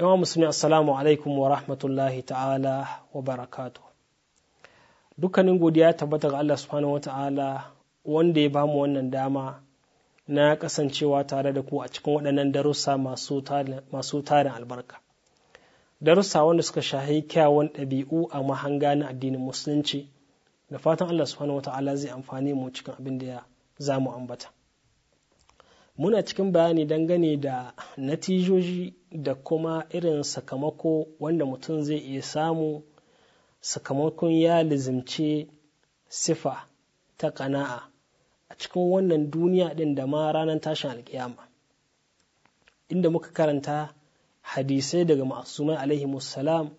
yawan musulmi assalamu alaikum wa rahmatullahi ta'ala wa barakatu dukkanin godiya tabbata ga Allah subhanahu ta'ala wanda ya bamu wannan dama na kasancewa tare da ku a cikin waɗannan darussa masu tarin albarka darussa wanda suka shahi kyawun ɗabi'u a mahanga na addinin musulunci da fatan Allah subhanahu wata'ala zai amfani mu cikin abin da ya zamu ambata muna cikin bayani dangane da natijoji da kuma irin sakamako wanda mutum zai iya samu sakamakon ya lizimce sifa ta kana'a a cikin wannan duniya din da ma ranar tashin alkiyama inda muka karanta hadisai daga ma'asumai alaihi musalam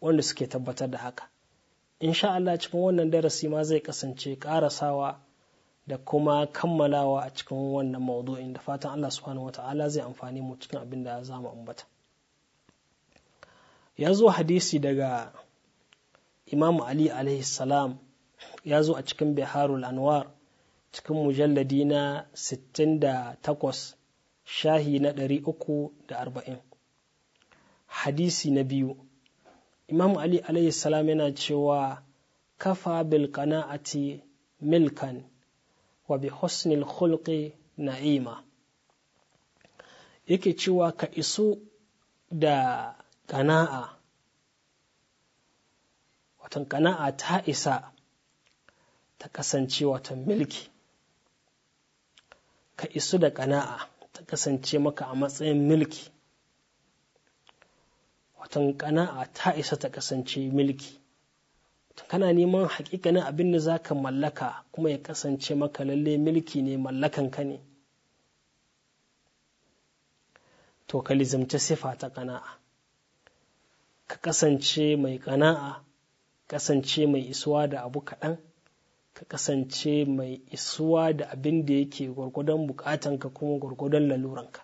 wanda suke tabbatar da haka insha Allah cikin wannan darasi ma zai kasance karasawa. da kuma kammalawa a cikin wannan maudu'in da fatan Allah subhanahu wata'ala zai amfani mu cikin abin da za mu ambata ya zo hadisi daga Imam ali alaihi salam ya zo a cikin biharul anwar cikin mujalladi na 68 shahi na 340 hadisi na biyu imam ali alaihi salam yana cewa kafa bil qana'ati milkan wa bi husnil khulqi na'ima yake cewa ka isu da kana'a watan kana'a ta isa ta kasance watan milki ka isu da kana'a ta kasance maka a matsayin milki watan kana'a ta isa ta kasance milki kana neman hakikanin abin da zaka mallaka kuma ya kasance maka lalle milki ne mallakan ka ne to ka lizimci sifa ta kana'a ka kasance mai kana'a kasance mai isuwa da abu kaɗan ka kasance mai isuwa da abin da yake gwargwadon bukatanka kuma gwargwadon laluranka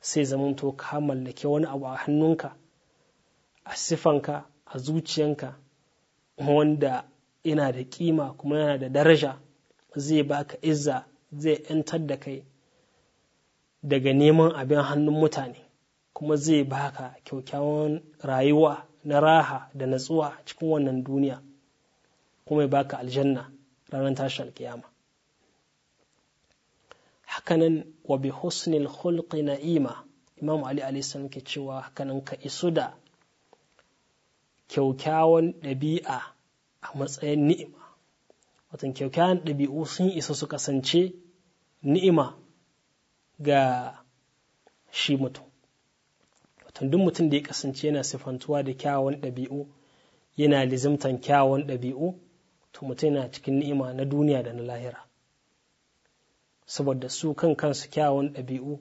sai to ka mallake wani abu a hannunka a sifanka a zuciyanka wanda yana da kima kuma yana da daraja zai baka izza zai ‘yantar da kai daga neman abin hannun mutane kuma zai baka kyaukyawan rayuwa na raha da natsuwa cikin wannan duniya kuma ya baka aljanna ranar tashin alkiyama hakanan wa bi husnil khulqi na'ima imam ali alaihi ke cewa hakanan ka isu da kyaukyawan ɗabi'a a matsayin ni'ima watan kyaukyawan ɗabi'u sun isa su kasance ni'ima ga shi mutum watan duk mutum da ya kasance yana sifantuwa da kyawawan ɗabi'u yana lizimtan kyawawan ɗabi'u to mutum yana cikin ni'ima na duniya da na lahira saboda su kan kansu kyawawan ɗabi'u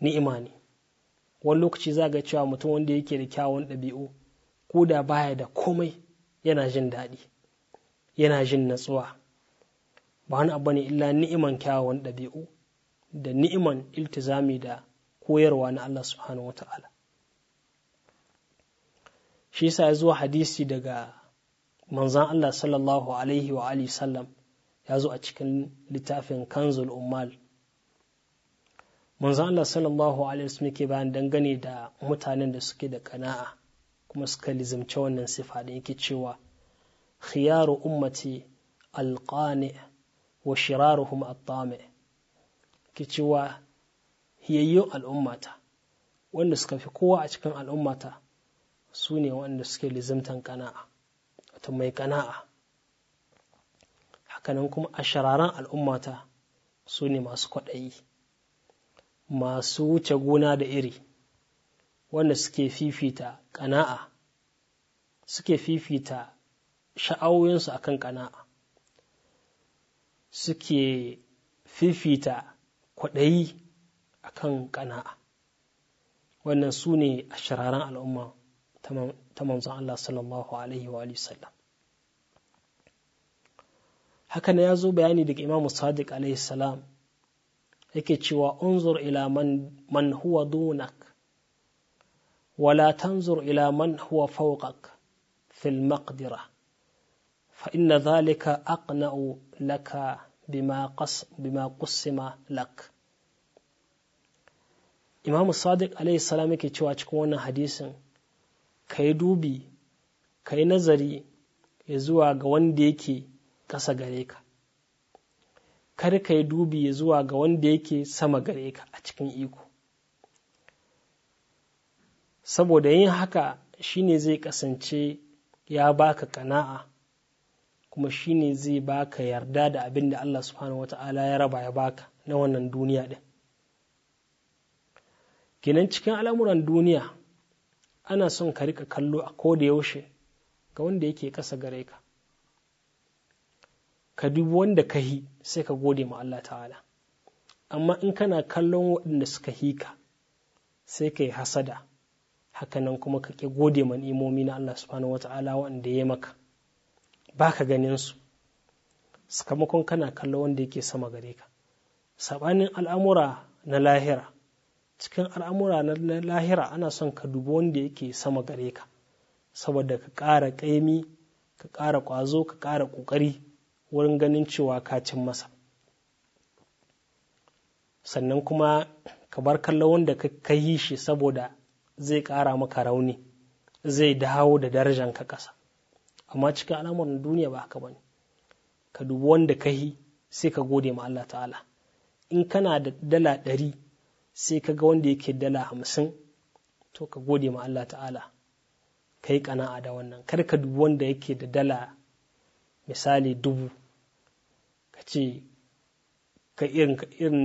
ni'ima ne wani lokaci za ga cewa mutum wanda yake da kyawawan ɗabi'u Kuda baya da komai yana jin daɗi yana jin natsuwa ba wani abu ne illa ni'iman kyawawan ɗabi'u da ni'iman iltizami da koyarwa na Allah subhanahu wa ta'ala shi sa ya zuwa hadisi daga manzan Allah sallallahu alaihi wa alihi sallam ya zo a cikin littafin kanzul ummal manzan Allah sallallahu alaihi sallam ke bayan dangane da mutanen da suke da kana'a kuma suka lizimci wannan sifa da yake cewa khiyaru ummati alqani wa shiraruhum at-tami ke cewa hiyayyo al'ummata wanda suka fi kowa a cikin al'ummata su ne wanda suke lizimtan kana'a wato mai kana'a hakanan kuma a shararan al'ummata su ne masu kwaɗayi masu wuce gona da iri wanda suke fifita ƙana'a suke fifita sha'awoyinsu akan ƙana'a suke fifita kwaɗayi akan ƙana'a wannan su ne a shiraran al'umma ta manzon Allah sallallahu Alaihi wa sallam haka na ya zo bayani daga imamu sadiq alaihi salam yake cewa unzur ila man huwa dunak ولا تنظر إلى من هو فوقك في المقدرة فإن ذلك أقنع لك بما, قص بما قسم لك Imam Sadiq alaihi salam yake cewa cikin wannan hadisin kai dubi kai nazari ya zuwa ga wanda yake ƙasa gare ka kar ka yi dubi ya zuwa ga wanda yake sama gare ka a cikin iko saboda yin haka shine zai kasance ya baka kana'a kuma shine zai baka yarda da abin da Allah subhanahu wata'ala ya raba ya baka na wannan duniya din Gidan cikin al'amuran duniya ana son ka rika kallo a koda yaushe ga wanda yake ƙasa gare ka ka dubi wanda ka hi sai ka gode ma Allah ta'ala amma in kana kallon waɗanda suka hi ka sai ka yi hasada hakanan kuma ka ƙi gode ma ni'imomi na Allah subhanahu wata'ala wanda ya maka ba ka ganin su sakamakon kana kallo wanda yake sama gare ka sabanin al'amura na lahira cikin al'amura na lahira ana son ka dubi wanda yake sama gare ka saboda ka ƙara ƙaimi ka ƙara ƙwazo ka ƙara ƙoƙari wurin ganin cewa ka cin masa sannan kuma ka bar kallo wanda ka yi shi saboda zai ƙara maka rauni zai dawo da darajan ka ƙasa amma cikin al'amuran duniya ba haka bane ka dubi wanda ka yi sai ka gode ma Allah ta'ala in kana da dala ɗari sai ka ga wanda yake dala hamsin to ka gode ma Allah ta'ala ka yi ƙana'a da wannan kar ka dubi wanda yake da dala misali dubu ka ce ka irin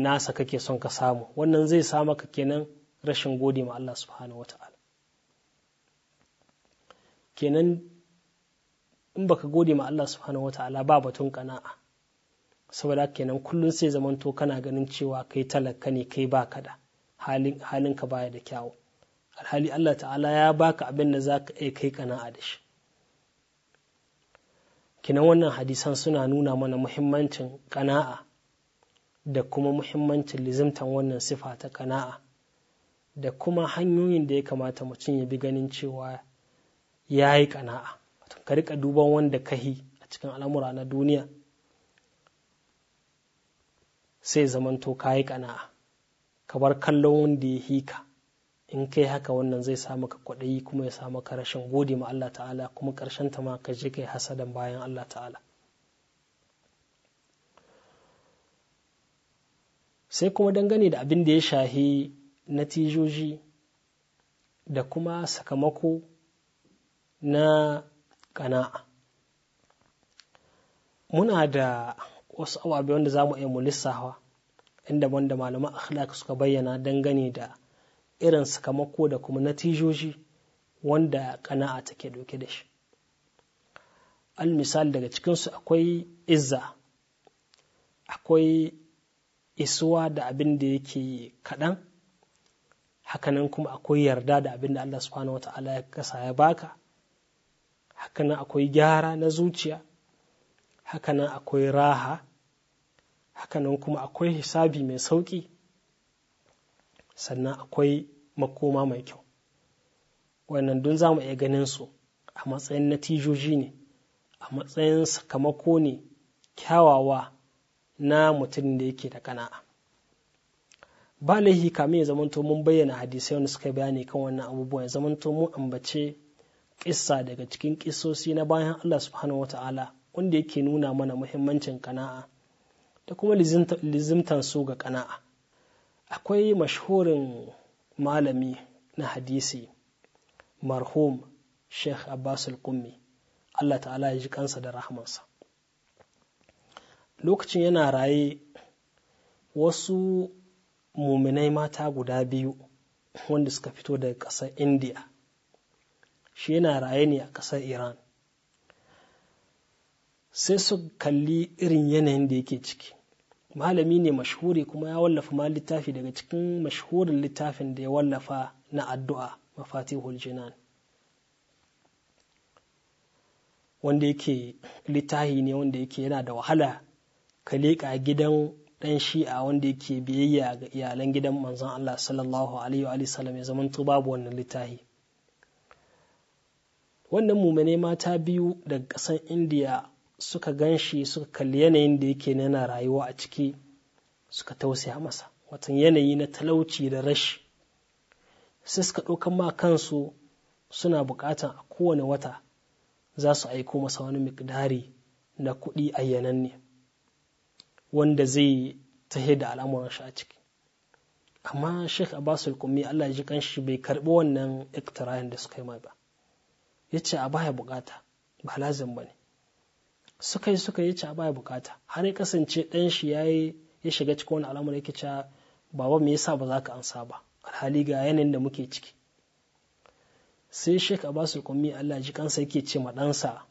nasa kake son ka samu wannan zai sa maka kenan rashin gode ma Allah subhanahu wata'ala kenan in baka gode ma Allah subhanahu wata'ala ba batun kana'a saboda kenan kullun sai zamanto kana ganin cewa kai talaka ne kai baka da halin ka baya da kyau alhali Allah ta'ala ya baka abin da zaka iya kai kana'a da shi kinan wannan hadisan suna nuna mana muhimmancin kana'a da kuma muhimmancin lizimtan wannan sifa ta kana'a da kuma hanyoyin da ya kamata mutum ya bi ganin cewa ya yi kana'a wato ka rika duban wanda kahi a cikin al'amura na duniya sai zamanto ka yi kana'a ka bar kallon wanda ya hika in kai haka wannan zai sa maka kwaɗayi kuma ya sa maka rashin gode ma Allah ta'ala kuma ƙarshen ta ma ka je kai hasadan bayan Allah ta'ala sai kuma dangane da abin da ya shahi natijoji da kuma sakamako na kana'a muna da wasu ababe wanda za mu iya mu inda wanda malaman akhlaq suka bayyana dangane da irin sakamako da kuma natijoji wanda kana'a take doke da shi al misali daga cikinsu akwai izza akwai isuwa da abin da yake kaɗan hakanan kuma akwai yarda da abin da Allah subhanahu wata'ala ya kasa ya baka hakanan akwai gyara na zuciya hakanan akwai raha hakanan kuma akwai hisabi mai sauƙi sannan akwai makoma mai kyau wannan dun za mu iya ganin su a matsayin natijoji ne a matsayin sakamako ne kyawawa na mutum da yake da kana'a ba laihi kamin ya zamanto mun bayyana hadisai wanda suka bayani kan wannan abubuwa ya zamanto mun ambace kissa daga cikin kissosi na bayan Allah subhanahu ta'ala wanda yake nuna mana muhimmancin kana'a da kuma lizimtan su ga kana'a akwai mashhurin malami na hadisi marhum sheikh abbas al-kummi Allah ta'ala ya ji kansa da rahamansa. lokacin yana raye wasu muminai mata guda biyu wanda suka fito daga ƙasar indiya shi yana raye ne a ƙasar iran sai su kalli irin yanayin da yake ciki malami ne mashhuri kuma ya wallafa ma littafi daga cikin mashhurin littafin da ya wallafa na addu'a mafati huljinan wanda yake littafi ne wanda yake yana da wahala ka leƙa gidan ɗan shi'a wanda yake biyayya ga iyalan gidan manzon Allah sallallahu alaihi wa sallam ya to babu wannan littafi wannan mumane mata biyu daga ƙasar indiya suka ganshi suka kalli yanayin da yake nana rayuwa a ciki suka tausaya masa watan yanayi na talauci da rashi sai suka ɗaukan ma kansu suna buƙatan a kowane wata za su aiko masa wani mikdari na kuɗi ayyanan ne wanda zai tahe da al'amuran shi a ciki amma Sheikh abbasul al Allah ji kanshi bai karbi wannan iktirahin da suka yi mai ba yace a baya bukata ba lazim ne. suka yi suka ce a baya bukata har ya kasance dan shi yi ya shiga cikin wani alamar yake cewa baba me yasa ba za ka ansa ba alhali ga yanayin da muke ciki sai Sheikh abbasul kummi Allah ji kansa yake ce ma ɗansa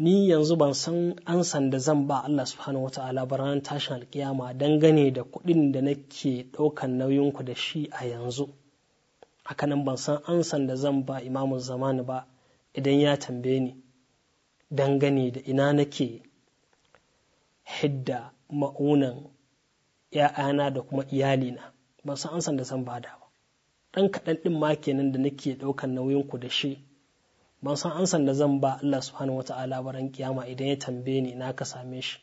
ni yanzu ban san an sanda zan ba Allah subhanahu wata'ala ba ranar tashin alkiyama dangane da kuɗin da nake ɗaukan ku da shi a yanzu hakanan ban san an sanda zan ba imamu zamani ba idan ya tambaye ni dangane da ina nake hidda ma'unan ‘ya'yana da kuma iyalina ban san an sanda zan ba da ba ɗan kaɗan ɗin ma kenan da nake ɗaukan ku da shi ban san ansan da zan ba Allah subhanahu wata'ala ba ran kiyama idan ya tambaye ni na ka same shi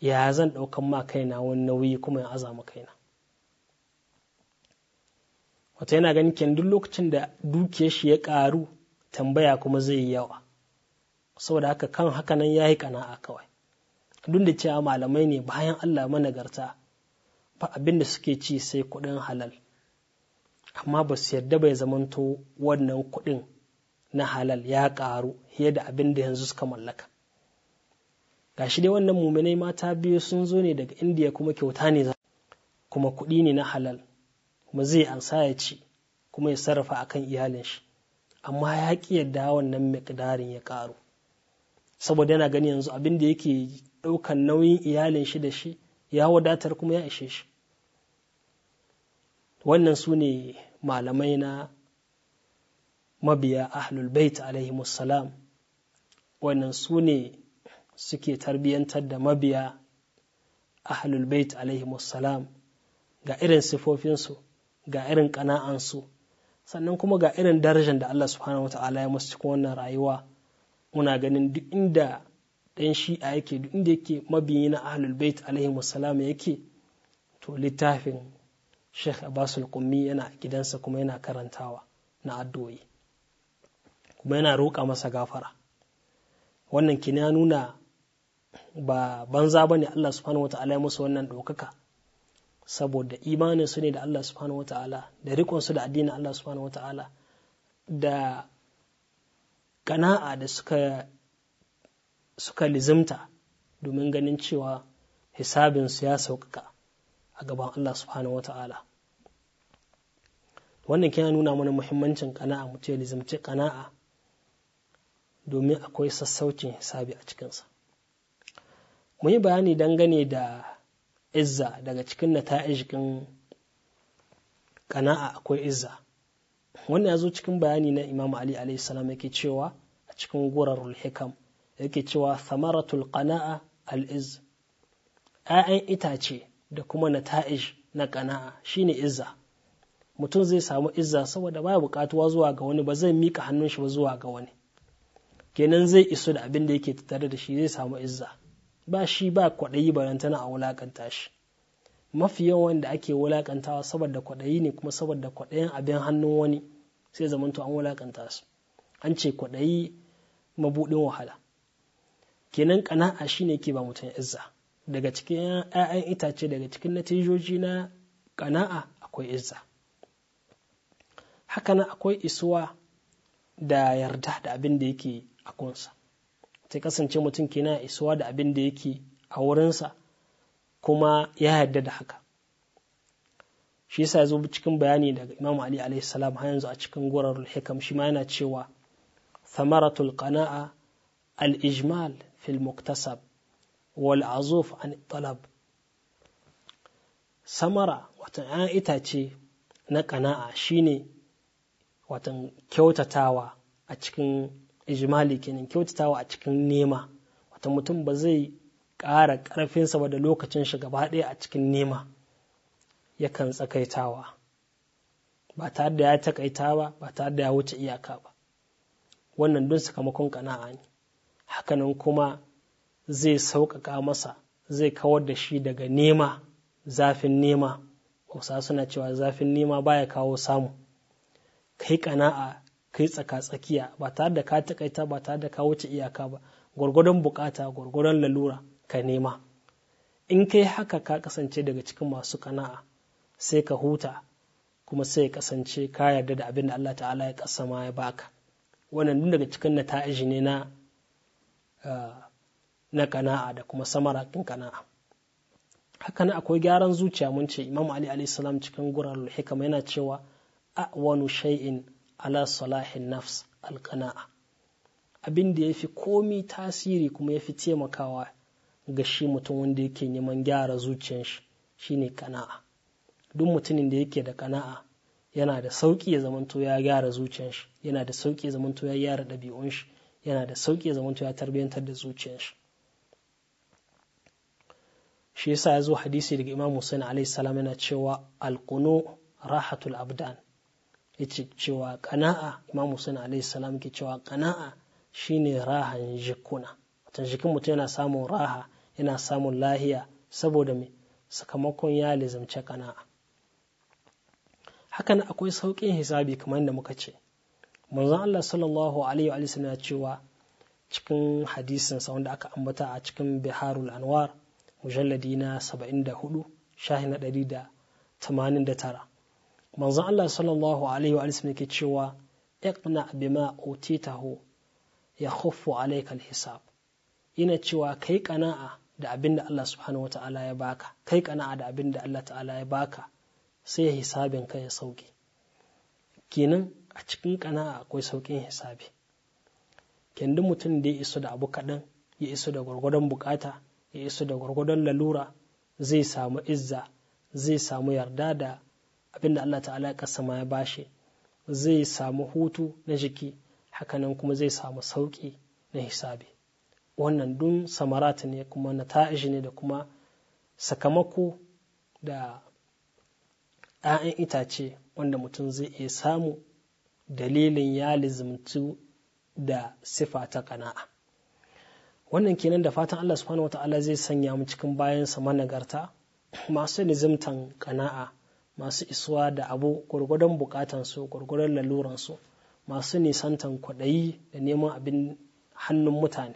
ya zan ɗaukan ma kaina wani nauyi kuma ya azama kaina wata yana ganin ken duk lokacin da dukiyar shi ya karu tambaya kuma zai yi yawa saboda haka kan haka nan ya yi kana'a kawai duk da cewa malamai ne bayan Allah managarta ba abin da suke ci sai kuɗin halal amma ba su yarda bai zamanto wannan kuɗin na halal ya ƙaru fiye da abin da yanzu suka mallaka Ga shi dai wannan muminai mata biyu sun zo ne daga indiya kuma kyauta ne kuma kuɗi ne na halal kuma zai ansa ya ci kuma ya sarrafa akan iyalin shi amma ya ƙi yadda wannan miƙdarin ya ƙaru saboda yana gani yanzu abin da yake ɗaukan nauyin iyalin shi da shi ya wadatar kuma ya ishe shi wannan su ne malamai na mabiya ahlul bait alaihimussalam wannan su ne suke tarbiyyantar da mabiya ahlul bait alaihimussalam ga irin sifofinsu ga irin ƙana'ansu sannan kuma ga irin darajar da Allah subhanahu wa ya musu cikin wannan rayuwa muna ganin duk inda ɗan shi'a yake duk inda yake mabiyi na ahlul bait alaihi yake to littafin Sheikh Abbasul Qummi yana gidansa kuma yana karantawa na addu'o'i kuma yana roƙa masa gafara wannan kin ya nuna ba banza bane Allah subhanahu wataala ya musu wannan ɗaukaka saboda imanin su ne da Allah subhanahu wataala da rikon su da addinin Allah subhanahu wataala da kana'a da suka suka lizimta domin ganin cewa hisabin su ya sauƙaƙa a gaban Allah subhanahu wataala wannan kina nuna mana muhimmancin kana'a mu ce lizimci kana'a domin akwai sassaucin hisabi a cikinsa mu yi bayani dangane da izza daga cikin nata'ijikin kana'a akwai izza wannan ya zo cikin bayani na imam ali alayhi salam yake cewa a cikin gurarul hikam yake cewa samaratul qana'a al iz 'ya'yan itace da kuma nata'ij na kana'a shine izza mutum zai samu izza saboda baya bukatuwa zuwa ga wani ba zai mika hannun shi ba zuwa ga wani kenan zai iso da abin da yake tattare da shi zai samu izza ba shi ba kwaɗayi barantana a wulakanta shi mafi yawan da ake wulakantawa saboda kwaɗayi ne kuma saboda kwaɗayin abin hannun wani sai zamanto an wulakanta su an ce kwaɗayi mabuɗin wahala kenan ƙana'a shi ne ke ba mutum izza daga cikin 'ya'yan itace daga cikin natijoji na ƙana'a akwai izza nan akwai isuwa da yarda da abin da yake a kunsa sai kasance mutum kina isuwa da abin da yake a wurinsa kuma ya yarda da haka shi yasa ya zo cikin bayani daga Imam Ali alaihi salam har yanzu a cikin gurar hikam shi ma yana cewa thamaratul qana'a al-ijmal fil muktasab wal azuf an talab samara wata ‘ya'yan itace na ƙana'a shine watan kyautatawa a cikin ijimali kenan kyautatawa a cikin nema wata mutum ba zai ƙara ƙarfinsa ba da lokacin shi gaba ɗaya a cikin nema yakan tsakaitawa ba tare da ya takaita ba ba tare da ya wuce iyaka ba wannan dun sakamakon kana'a ne hakanan kuma zai sauƙaƙa masa zai kawar da shi daga nema zafin nema hausa suna cewa zafin nema baya kawo samu kai kana'a kai tsaka-tsakiya ba tare da ka takaita ba tare da ka wuce iyaka ba gwargwadon bukata gwargwadon lalura ka nema in kai haka ka kasance daga cikin masu ƙana'a sai ka huta kuma sai ya kasance ka yarda da abin da Allah ta'ala ya ma ya baka wannan duk daga cikin nata'iji ne na ah, na kana'a da kuma samara kana'a haka na akwai gyaran zuciya mun ce Imam Ali alaihi salam cikin gurar hikama yana cewa a'wanu shay'in ala salahin nafs alqana'a abin da yafi komi tasiri kuma yafi taimakawa ga shi mutum wanda yake neman gyara zuciyar shi shine kana'a duk mutumin da yake da kana'a yana da sauki ya zamanto ya gyara zuciyar shi yana da sauki ya zamanto ya gyara ɗabi'un shi yana da sauki ya zamanto ya tarbiyantar da zuciyar shi shi yasa ya zo hadisi daga imam Hussein alaihi salam yana cewa alqunu rahatul abdan yace cewa kana'a imam Hussein alaihi salam ke cewa kana'a shine rahan jikuna wata jikin mutum yana samun raha yana samun lahiya saboda me sakamakon ya lizamce kana'a. hakan akwai saukin hisabi kamar da muka ce manzon Allah sallallahu alaihi wa sallam ya cewa cikin hadisin sa wanda aka ambata a cikin Biharul Anwar mujalladi na 74 shahi na 189 manzon Allah sallallahu alaihi wa sallam yake cewa iqna bima utitahu ya huffu alaikal hisab. yana cewa kai kana'a da abin da Allah subhanahu wa ta'ala ya baka kai kana'a da abin da Allah ta'ala ya baka sai hisabin ka ya sauki kenan a cikin kana'a akwai saukin hisabi kendin mutum da ya iso da abu kaɗan ya iso da gwargwadon bukata ya iso da gwargwadon lalura zai samu izza zai samu yarda da abinda Allah ta'ala ya kasama ya bashi zai samu hutu na jiki hakanan kuma zai samu sauƙi na hisabi wannan dun samarat ne kuma na nata'ij ne da kuma sakamako da 'ya'yan itace wanda mutum zai iya samu dalilin ya lizimtu da sifa ta kana'a wannan kenan da fatan Allah subhanahu ta'ala zai sanya mu cikin bayan bayansa managarta masu lizimtan kana'a masu isuwa da abu gwargwadon bukatansu gwargwadon laluransu masu nisantan kwaɗayi da neman abin hannun mutane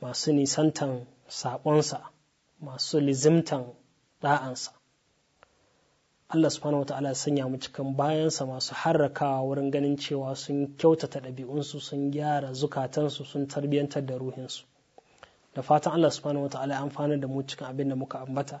masu nisantan saƙonsa masu lizimtan ɗa'ansa Allah subhanahu wa ta'ala sanya mu cikin bayansa masu harrakawa wurin ganin cewa sun kyautata ɗabi'unsu sun gyara zukatansu sun tarbiyyantar da ruhinsu da fatan Allah subhanahu wa ta'ala amfana da mu cikin abin da muka ambata